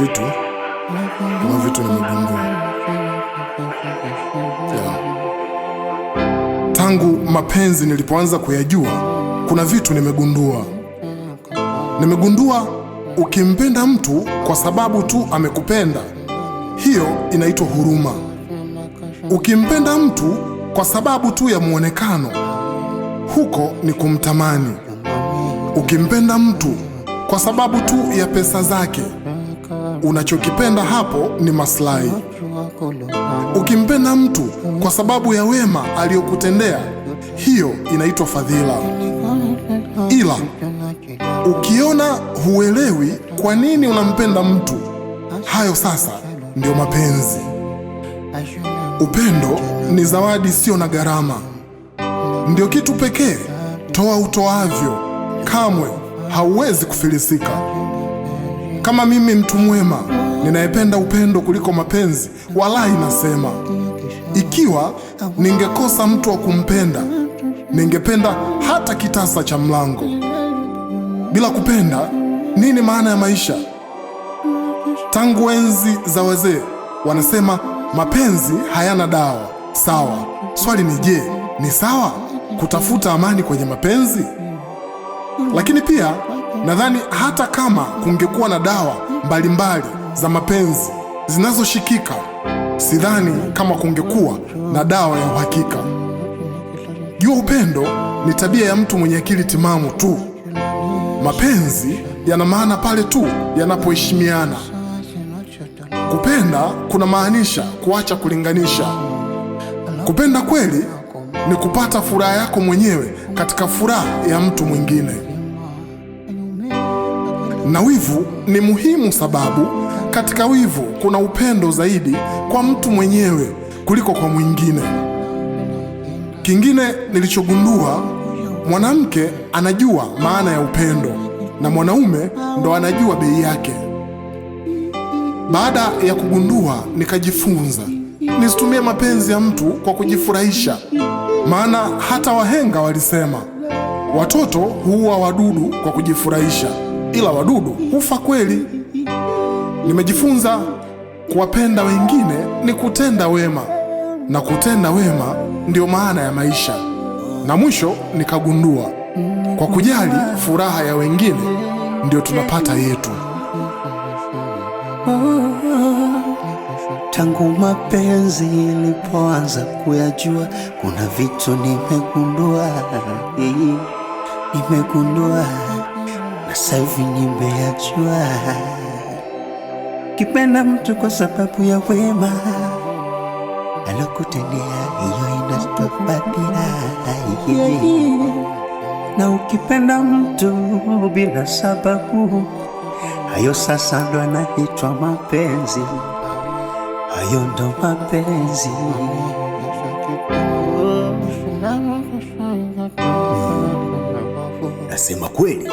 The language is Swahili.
vitu nimegundua tangu mapenzi nilipoanza kuyajua. Kuna vitu nimegundua, nimegundua ukimpenda mtu kwa sababu tu amekupenda hiyo inaitwa huruma. Ukimpenda mtu kwa sababu tu ya mwonekano, huko ni kumtamani. Ukimpenda mtu kwa sababu tu ya pesa zake, unachokipenda hapo ni maslahi. Ukimpenda mtu kwa sababu ya wema aliyokutendea, hiyo inaitwa fadhila. Ila ukiona huelewi kwa nini unampenda mtu, hayo sasa ndio mapenzi. Upendo ni zawadi sio na gharama, ndio kitu pekee toa utoavyo kamwe hauwezi kufilisika. Kama mimi mtu mwema ninayependa upendo kuliko mapenzi, walahi nasema, ikiwa ningekosa mtu wa kumpenda ningependa hata kitasa cha mlango. Bila kupenda, nini maana ya maisha? tangu enzi za wazee wanasema mapenzi hayana dawa. Sawa, swali ni je, ni sawa kutafuta amani kwenye mapenzi? Lakini pia nadhani hata kama kungekuwa na dawa mbalimbali za mapenzi zinazoshikika, sidhani kama kungekuwa na dawa ya uhakika. Jua upendo ni tabia ya mtu mwenye akili timamu tu. Mapenzi yana maana pale tu yanapoheshimiana. Kupenda kuna maanisha kuacha kulinganisha. Kupenda kweli ni kupata furaha yako mwenyewe katika furaha ya mtu mwingine. Na wivu ni muhimu, sababu katika wivu kuna upendo zaidi kwa mtu mwenyewe kuliko kwa mwingine. Kingine nilichogundua, mwanamke anajua maana ya upendo na mwanaume ndo anajua bei yake. Baada ya kugundua, nikajifunza nisitumie mapenzi ya mtu kwa kujifurahisha, maana hata wahenga walisema watoto huua wadudu kwa kujifurahisha, ila wadudu hufa kweli. Nimejifunza kuwapenda wengine ni kutenda wema, na kutenda wema ndiyo maana ya maisha. Na mwisho nikagundua kwa kujali furaha ya wengine ndio tunapata yetu. Tangu mapenzi nilipoanza kuyajua, kuna vitu nimegundua, nimegundua na sahivi nimeyajua. Kipenda mtu kwa sababu ya wema alokutendea, hiyo inatubadili na ukipenda mtu bila sababu, hayo sasa ndo anaitwa mapenzi. Hayo ndo mapenzi. Nasema kweli.